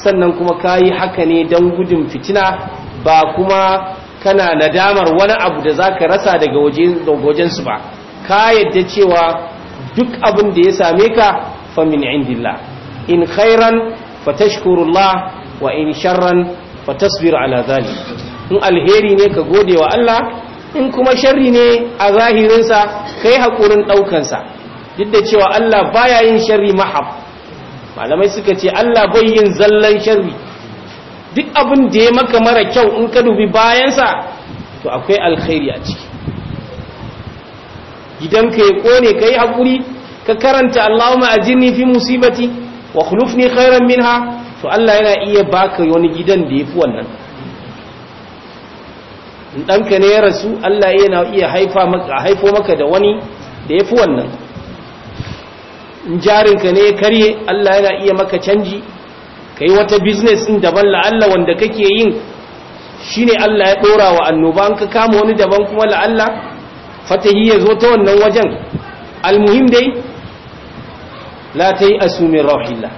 sannan kuma ka yi haka ne don gudun fitina ba kuma kana nadamar wani abu da za ka rasa daga su ba ka yadda cewa duk abin da ya same ka famin indillah in khairan fatashkurullah wa in sharran fatasbir ala zali in alheri ne ka gode wa Allah in kuma sharri ne a zahirinsa kai haƙurin ɗaukansa duk da cewa Allah baya yin sharri mahab malamai suka ce Allah bai yin zallan sharri duk abin da ya maka mara kyau in ka dubi bayansa to akwai alkhairi a ciki gidan ka ya kone ka yi haƙuri ka karanta ma ajini fi musibati wa khulufni khairan minha to Allah yana iya baka wani gidan da yafi wannan in ɗanka ne ya rasu Allah yana iya haifa maka haifo maka da wani da yafi wannan in ka ne ya karye Allah yana iya maka canji ka yi wata business ɗin daban la'alla wanda kake yin shine Allah ya ɗora wa annoba an ka kama wani daban kuma la'alla fatahi ya zo ta wannan wajen almuhim dai la ta yi asumin rahila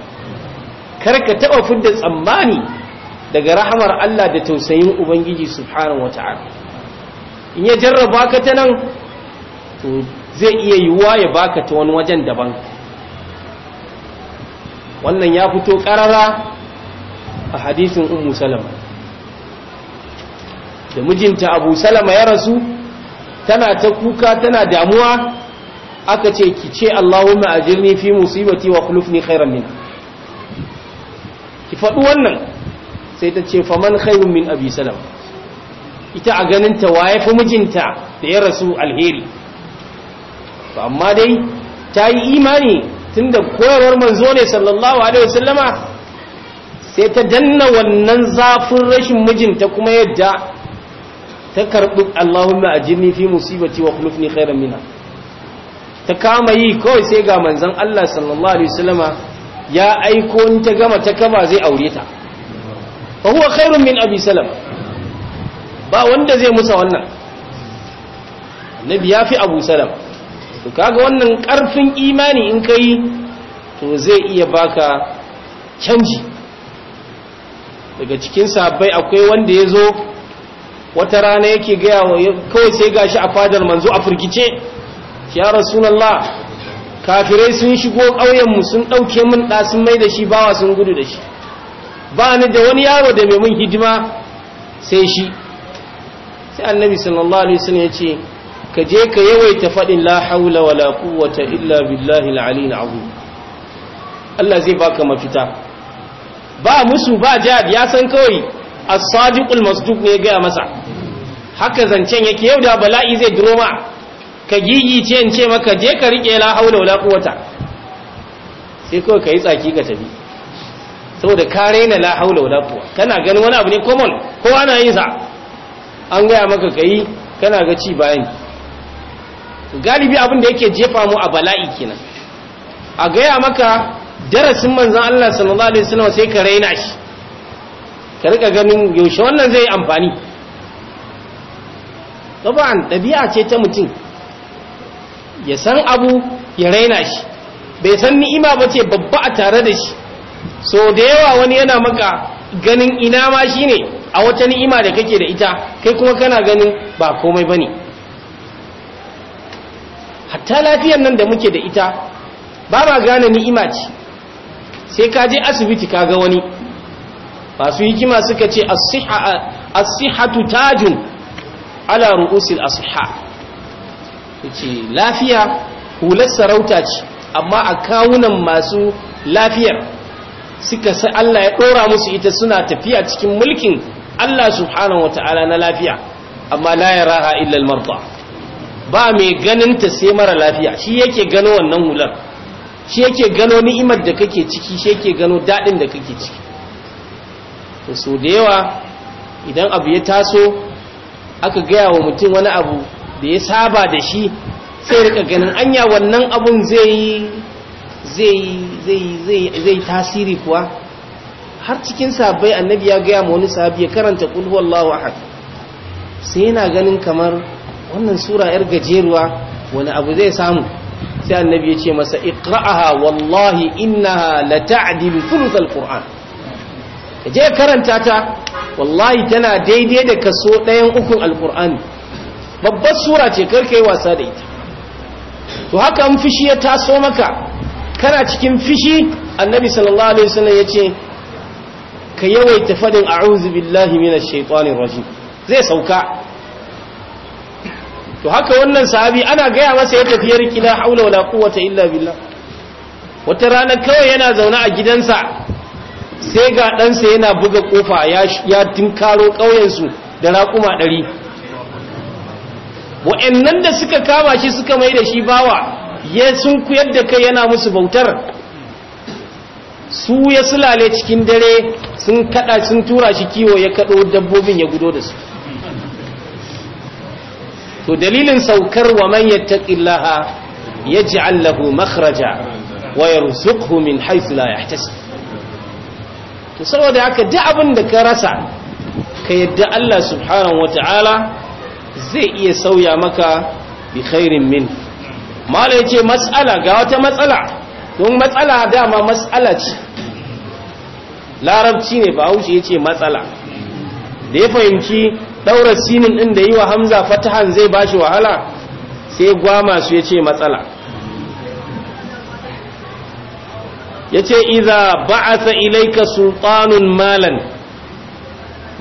kar ka taɓa fidda tsammani daga rahamar Allah da tausayin Ubangiji subhanahu wata'ala in ya jarraba ka ta nan to zai iya yiwuwa ya baka ta wani wajen daban wannan ya fito ƙarara a hadisin Umu salama da mijinta abu salama ya rasu tana ta kuka tana damuwa aka ce ki ce Allahumma ajirni fi musibati wa khulufni khairan min ki faɗi wannan sai ta ce faman khairun min abi salam ita a ganin ta waye fi mijinta da ya rasu alheri amma dai ta yi imani tunda koyarwar manzo ne sallallahu alaihi wasallama sai ta danna wannan zafin rashin mijinta kuma yadda ta karbi Allahumma ajirni fi musibati wa khulufni khairan minha ta kama yi kawai sai ga manzon Allah sallallahu alaihi wasallama ya aiko in ta gama ta kaba zai aure ta fa huwa khairun min abi salama ba wanda zai musa wannan Nabi ya fi abu salama to kaga wannan karfin imani in kai to zai iya baka canji daga cikin sahabbai akwai wanda ya zo wata rana yake gaya wa kawai sai gashi a fadar manzo a firgice ya rasulullah kafirai sun shigo ƙauyenmu sun ɗauke min ɗa sun mai da shi bawa sun gudu da shi ba ni da wani yaro da mai mun hidima sai shi sai annabi sallallahu alaihi wasallam ya ce ka je ka yawaita faɗin la haula wala quwwata illa billahi al-aliyyil azim Allah zai baka mafita ba musu ba jihad ya san kawai as-sadiqul masduq ne ga masa haka zancen yake yau da bala'i zai duroma ka gigice in ce maka je ka rike la haula wala quwwata sai kawai kai tsaki ka tafi saboda ka raina la haula wala quwwa kana ganin wani abu ne common kowa na yin sa an ga maka kai kana ga ci bayani galibi abin da yake jefa mu a bala'i kenan a gaya maka darasin manzan Allah sallallahu alaihi wasallam sai ka raina shi ka rika ganin yaushe wannan zai amfani taban dabi'a ce ta mutum ya san abu ya raina shi bai san ni'ima ba ce babba a tare da shi so da yawa wani yana maka ganin ina ma shine a wata ni'ima da kake da ita kai kuma kana ganin ba komai bane hatta lafiyar nan da muke da ita ba ma gane ni'ima ce sai ka je asibiti ka ga wani masu hikima suka ce as-sihhatu tajun ala ru'usil asihha yace lafiya hular sarauta ce amma a kawunan masu lafiyar suka sai Allah ya ɗora musu ita suna tafiya cikin mulkin Allah subhanahu ta'ala na lafiya amma la yaraha illa al-marda ba mai ganin ta sai mara lafiya shi yake gano wannan hular shi yake gano ni'imar da kake ciki shi yake gano daɗin da kake ciki to so da yawa idan abu ya taso aka gaya wa mutum wani abu da ya saba da shi sai rika ganin anya wannan abun zai zai tasiri kuwa har cikin sabai annabi ya gaya ma wani sahabi ya karanta kul huwallahu ahad sai yana ganin kamar wannan sura yar gajeruwa wani abu zai samu sai annabi ya ce masa iqra'aha wallahi innaha la ta'dilu thuluth alquran je karanta ta wallahi tana daidai da kaso ɗayan ukun alqur'ani babbar sura ce karka yi wasa da ita to haka an fishi ya taso maka kana cikin fishi annabi sallallahu alaihi wasallam ya ce ka yawaita fadin a'udhu billahi minash shaitanir rajim zai sauka to haka wannan sahabi ana gaya masa ya tafiyar riki la haula wala quwwata illa billah wata rana kawai yana zaune a gidansa sai ga ɗansa yana buga kofa ya tinkaro ƙauyensu da raƙuma ɗari wa'annan da suka kama shi suka mai da shi bawa ya sun kuyar da kai yana musu bautar su ya sulale cikin dare sun kada sun tura shi kiwo ya kaɗo dabbobin ya gudo da su to dalilin saukar wa man yattaqillaha yaj'al lahu makhraja wa yarzuqhu min haythu la yahtasib to saboda haka duk abin da ka rasa ka yadda Allah subhanahu wata'ala zai iya sauya maka bi khairin min mala yace mas'ala ga wata matsala don matsala dama matsala ce larabci ne ba haushi yace matsala da ya fahimci daura sinin din da yi wa hamza fatahan zai bashi wahala sai gwama su yace matsala yace idza ba'atha ilaika sultanun malan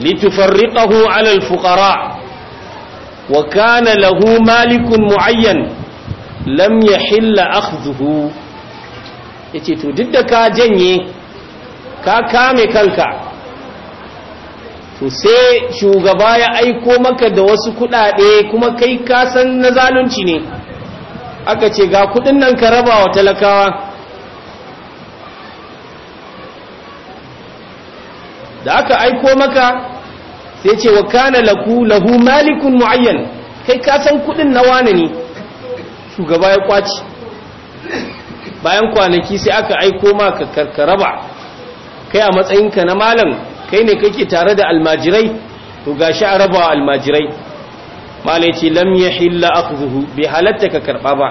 litufarriqahu 'ala al-fuqara wa kana lahu malikun mu'ayyan lam ya hilla akhdhuhu yace to duk da ka janye ka kame kanka to sai shugaba ya aiko maka da wasu kuɗaɗe kuma kai kasan na zalunci ne aka ce ga kuɗin nan ka raba wa talakawa da aka aiko maka sai ce wa kana laku lahu malikun muayyan kai ka san kudin na wane ne shugaba ya kwaci bayan kwanaki sai aka aiko maka karkaraba kai a matsayinka na malam kai ne kake tare da almajirai to gashi a rabawa almajirai malai ce lam ya hilla bi halatta ka karba ba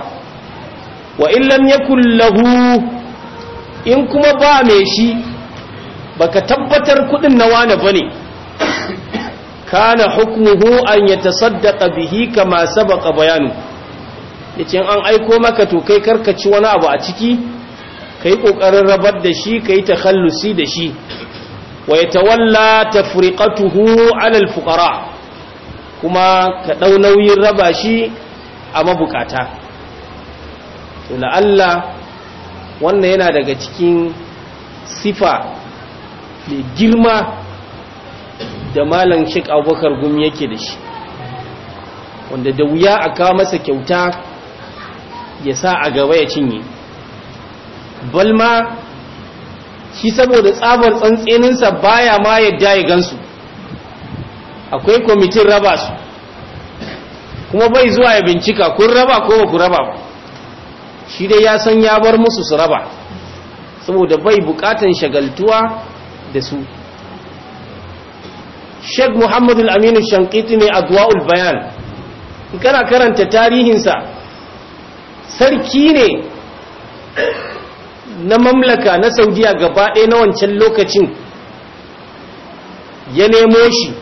wa in lam yakul lahu in kuma ba mai shi baka tabbatar kudin na wani bane kana hukmuhu an yatasaddaqa bihi kama sabaqa bayanu yace an aiko maka to kai karkaci wani abu a ciki kai kokarin rabar da shi kai takhallusi da shi wa yatawalla tafriqatuhu 'ala al kuma ka dau nauyin raba shi a mabukata to Allah wannan yana daga cikin sifa da girma da malam Sheikh Abubakar Gumi yake da shi wanda da wuya a kawo masa kyauta ya sa a gaba ya cinye balma shi saboda tsabar tsantseninsa baya ma yadda ya gansu akwai kwamitin raba su kuma bai zuwa ya bincika kun raba ko ba ku raba ba shi dai ya san ya bar musu su raba saboda bai bukatan shagaltuwa da su sheik muhammadu aminu shankiti ne a duwa'ul bayan kana karanta tarihinsa sarki ne na mamlaka na saudiya gaba ɗaya na wancan lokacin ya nemo shi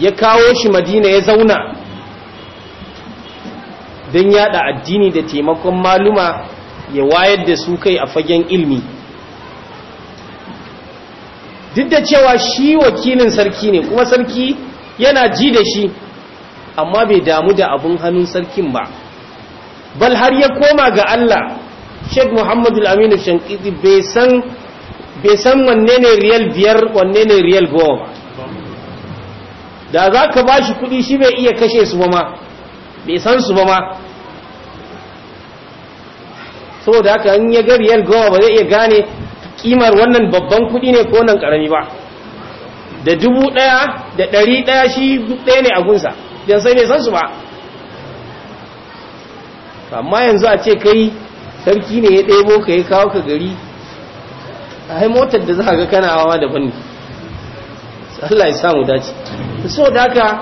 ya kawo shi madina ya zauna don yada addini da taimakon maluma ya wayar da su kai a fagen ilmi duk da cewa shi wakilin sarki ne kuma sarki yana ji da shi amma bai damu da abin hannun sarkin ba bal har ya koma ga Allah sheikh muhammadu aminu shankiti bai san wanne ne riyal biyar wanne ne riyal goma da za ka ba shi kudi shi bai iya kashe su ba ma bai san su ba ma saboda haka in ya ga riyal goma ba zai iya gane kimar wannan babban kudi ne ko nan karami ba da dubu daya da dari daya shi duk daya ne a gunsa don sai bai san su ba amma yanzu a ce kai sarki ne ya ɗebo ka ya kawo ka gari a motar da za ka ga kana hawa daban ne Allah ya samu dace so da haka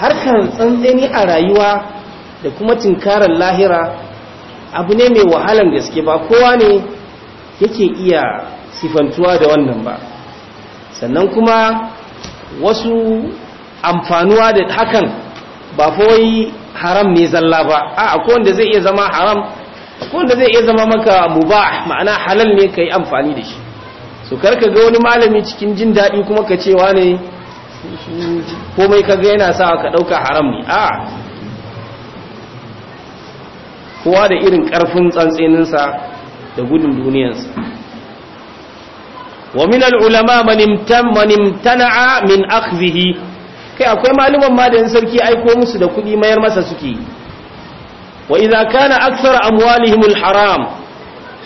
harkar tsantseni a rayuwa da kuma tinkarar lahira abu ne mai wahalan gaske ba kowa ne yake iya sifantuwa da wannan ba sannan kuma wasu amfanuwa da hakan ba fawai haram ne zalla ba a akwai wanda zai iya zama haram wanda zai iya zama maka mubah ma'ana halal ne ka yi amfani da shi so karka ga wani malami cikin jin daɗi kuma ka cewa ne komai ka ga yana sa ka ɗauka haram ne a kowa da irin ƙarfin tsantseninsa da gudun duniyansa wa min al'ulama manimtana'a min akhzihi kai akwai maluman ma da sarki aiko musu da kuɗi mayar masa suke yi wa idza kana akthara amwalihim alharam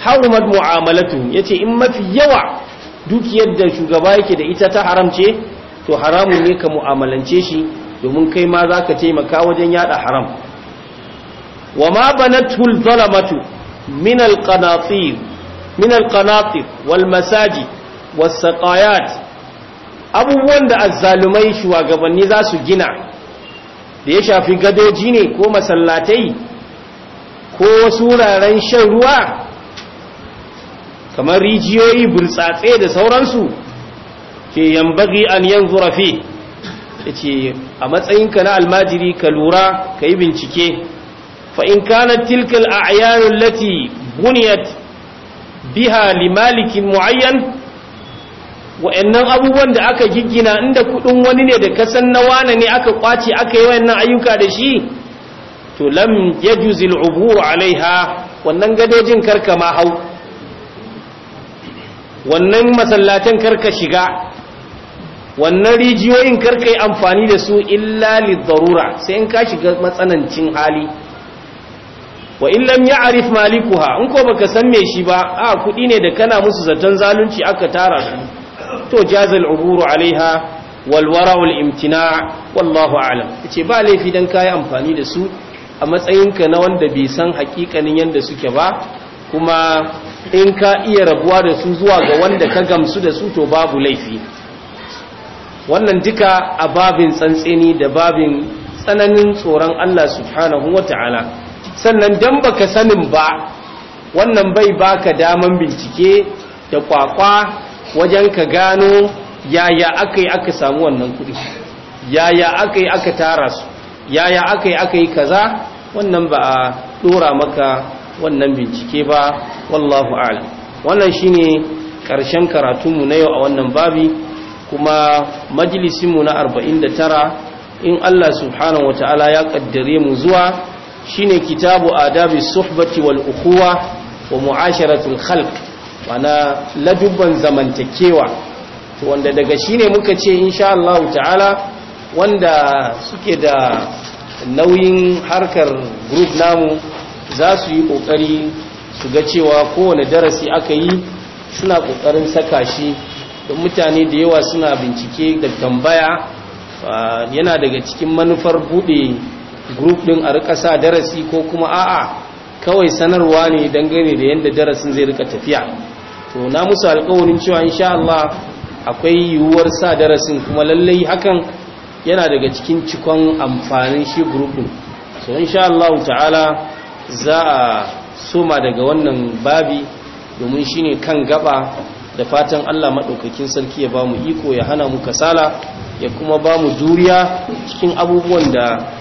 harumat mu'amalatuhum yace in mafi yawa duk yadda shugaba yake da ita ta haram ce to haramun ne ka mu'amalance shi domin kai ma ka taimaka wajen yada haram wa ma banathu alzalamatu min alqanatir min alqanatir wal masajid was abubuwan da azzalumai shugabanni za su gina da ya shafi gadoji ne ko masallatai ko wasu wuraren shan ruwa kamar rijiyoyi burtsatse da sauransu ke yambagi an yan zurafi ya ce a matsayinka na almajiri ka lura ka yi bincike fa'in kanar tilkal a ayyanun lati buniyat biha limalikin mu'ayyan wa'annan abubuwan da aka giggina inda kudin wani ne da kasan na wane ne aka kwace aka yi wayannan ayyuka da shi to lam yajuzi al'uburu alayha, wannan gadojin karka ma hau wannan masallatan karka shiga wannan rijiyoyin karka yi amfani da su illa lidarura sai in ka shiga matsanancin hali wa in lam ya'rif malikuha in ko baka san me shi ba a kudi ne da kana musu zaton zalunci aka tara su to jazal uburu alaiha wal wara'u imtina' wallahu a'lam yace ba laifi dan kai amfani da su a matsayinka na wanda bai san hakikanin yadda suke ba kuma in ka iya rabuwa da su zuwa ga wanda ka gamsu da su to babu laifi wannan duka a babin tsantseni da babin tsananin tsoron Allah subhanahu wata'ala sannan dan baka sanin ba wannan bai baka daman bincike da kwakwa wajen ka gano yaya aka yi aka samu wannan kudi yaya aka yi aka tara su yaya aka yi aka yi kaza wannan ba a dora maka wannan bincike ba wallahu a'lam wannan shine karshen karatunmu na yau a wannan babi kuma majalisinmu na 49 in Allah subhanahu wataala ya kaddare mu zuwa shine kitabu adabi suhbati wal ukhuwa wa mu'asharatul khalq wana ladubban zamantakewa to wanda daga shine muka ce insha Allah ta'ala wanda suke da nauyin harkar group namu za su yi kokari su ga cewa kowane darasi aka yi suna kokarin saka shi don mutane da yawa suna bincike da tambaya yana daga cikin manufar bude group din a rika sa darasi ko kuma a'a kawai sanarwa ne dangane da yadda darasin zai rika tafiya to na musu alkawarin cewa insha Allah akwai yiwuwar sa darasin kuma lallai hakan yana daga cikin cikon amfanin shi gurukun so insha Allah ta'ala za a soma daga wannan babi domin shi ne kan gaba da fatan Allah maɗaukakin sarki ya ba mu iko ya hana mu kasala ya kuma ba mu juriya cikin abubuwan da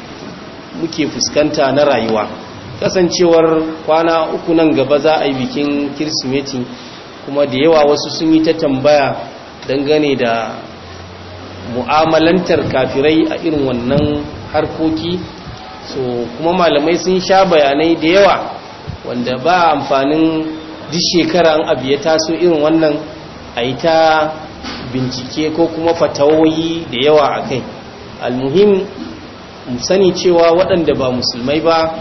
muke fuskanta na rayuwa kasancewar kwana uku nan gaba za a yi bikin kirsimeti kuma da yawa wasu sun yi ta tambaya dangane da mu'amalantar kafirai a irin wannan harkoki so kuma malamai sun sha bayanai da yawa wanda ba amfanin duk shekara an abu ya taso irin wannan a yi ta bincike ko kuma fatawoyi da yawa a kai almuhim musani cewa waɗanda ba musulmai ba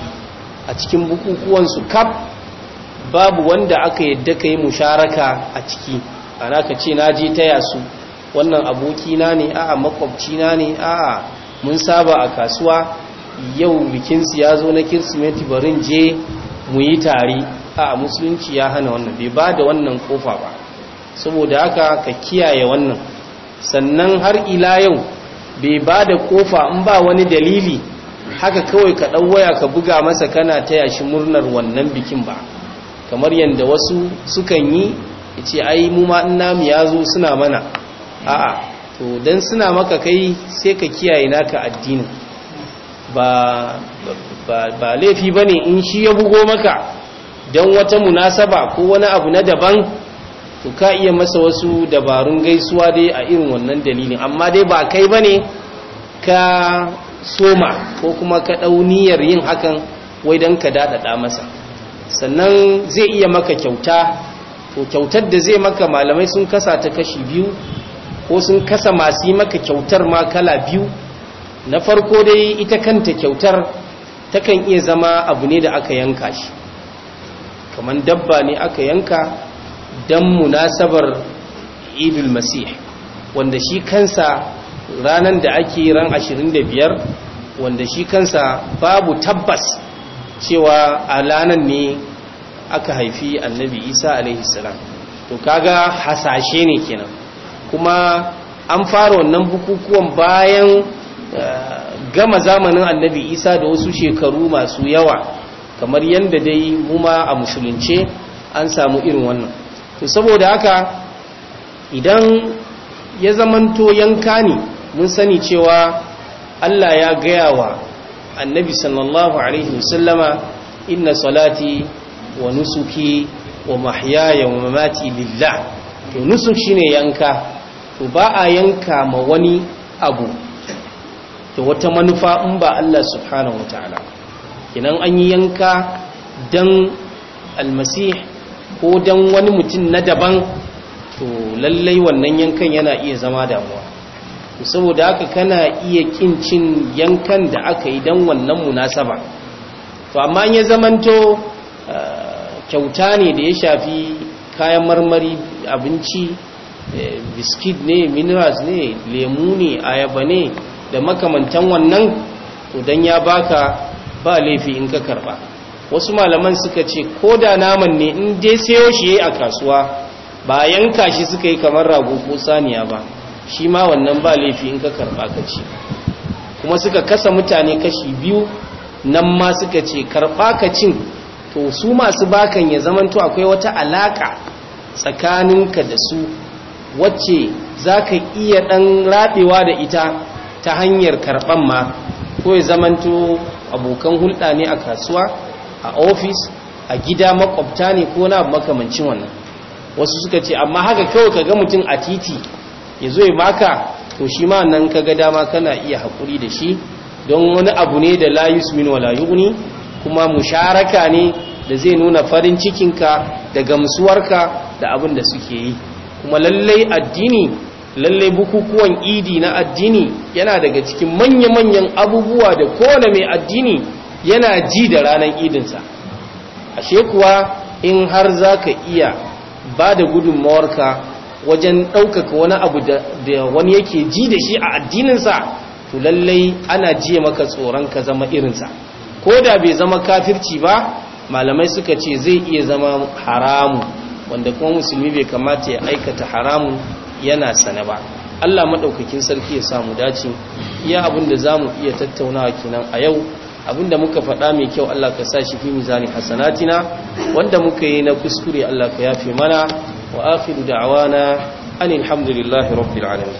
a cikin bukukuwansu kaf babu wanda aka yadda ka yi musharaka a ciki ana ka ce na je taya su wannan abokina ne a'a makwabcina ne a'a mun saba a kasuwa yau bikinsu ya zo na kirsimeti barin je mu yi tare a musulunci ya hana wannan bai ba da wannan kofa ba saboda haka ka kiyaye wannan sannan har ila yau bai ba da kofa in ba wani dalili haka kawai ka ɗau waya ka buga masa kana taya shi murnar wannan bikin ba kamar yadda wasu sukan yi ce ai mu ma in namu ya zo suna mana a'a to dan suna maka kai sai ka kiyaye naka addinin ba ba ba laifi bane in shi ya bugo maka dan wata munasaba ko wani abu na daban to ka iya masa wasu dabarun gaisuwa dai a irin wannan dalilin amma dai ba kai bane ka soma ko kuma ka dauniyar yin hakan wai dan ka daɗaɗa masa sannan zai iya maka kyauta to kyautar da zai maka malamai sun kasa ta kashi biyu ko sun kasa masu maka kyautar ma kala biyu na farko dai ita kanta kyautar takan iya zama abu ne da aka yanka shi kamar dabba ne aka yanka don munasabar idul masih wanda shi kansa ranar da ake ran 25 wanda shi kansa babu tabbas cewa a ranar ne aka haifi annabi isa alaihissalam to kaga hasashe ne kenan kuma an fara wannan bukukuwan bayan eh, gama zamanin annabi isa da wasu shekaru masu yawa kamar yadda dai muma a musulunce an samu irin wannan to saboda haka idan ya zamanto yanka ne mun sani cewa allah ya gaya wa annabi sallallahu alaihi wasallama inna salati wa nusuki wa mahyaya wa mamati lillah to nusuk shine yanka to ba a yanka ma wani abu da wata manufa in ba Allah subhanahu wataala kinan an yi yanka dan almasih ko dan wani mutum na daban to lallai wannan yankan yana iya zama damuwa saboda haka kana iya ƙin cin yankan da aka yi dan wannan munasaba to amma in ya zamanto eh, kyauta ne da ya shafi kayan marmari abinci Eh, biskit ne minerals ne lemu ne ayaba ne da makamantan wannan to dan ya baka ba laifi in ka karba wasu malaman suka ce ko da naman ne in dai sayo shi a kasuwa ba yanka shi suka yi kamar rago ko saniya ba shi ma wannan ba laifi in ka karba ka ci kuma suka kasa mutane kashi biyu nan ma suka ce karba ka cin to su masu bakan ya zamanto akwai wata alaka tsakaninka da su wacce za ka iya ɗan raɓewa da ita ta hanyar karɓan ma ko ya zamanto abokan hulɗa ne a kasuwa a ofis a gida makwabta ne ko na makamancin wannan wasu suka ce amma haka kawai ka ga mutum a titi ya zo ya maka to shi ma nan ka ga dama kana iya haƙuri da shi don wani abu ne da layus min wa layuni kuma musharaka ne da zai nuna farin cikinka da gamsuwarka da abin da suke yi kuma lallai addini lallai bukukuwan idi na addini yana daga cikin manya-manyan abubuwa da kowane mai addini yana ji da ranar idinsa ashe kuwa in har za ka iya ba da gudunmawarka wajen ɗaukaka wani abu da wani yake ji da shi a addininsa to lallai ana jiya maka tsoron ka zama irinsa ko da bai zama kafirci ba malamai suka ce zai iya zama haramu wanda kuma musulmi bai kamata ya aikata haramun yana sane ba Allah maɗaukakin sarki ya samu dace iya abin da za mu iya tattaunawa kenan a yau abin da muka faɗa mai kyau Allah ka sa shi fi mizanin hasanatina wanda muka yi na kuskure Allah ka yafe mana wa akhiru da'awana anil hamdulillahi rabbil alamin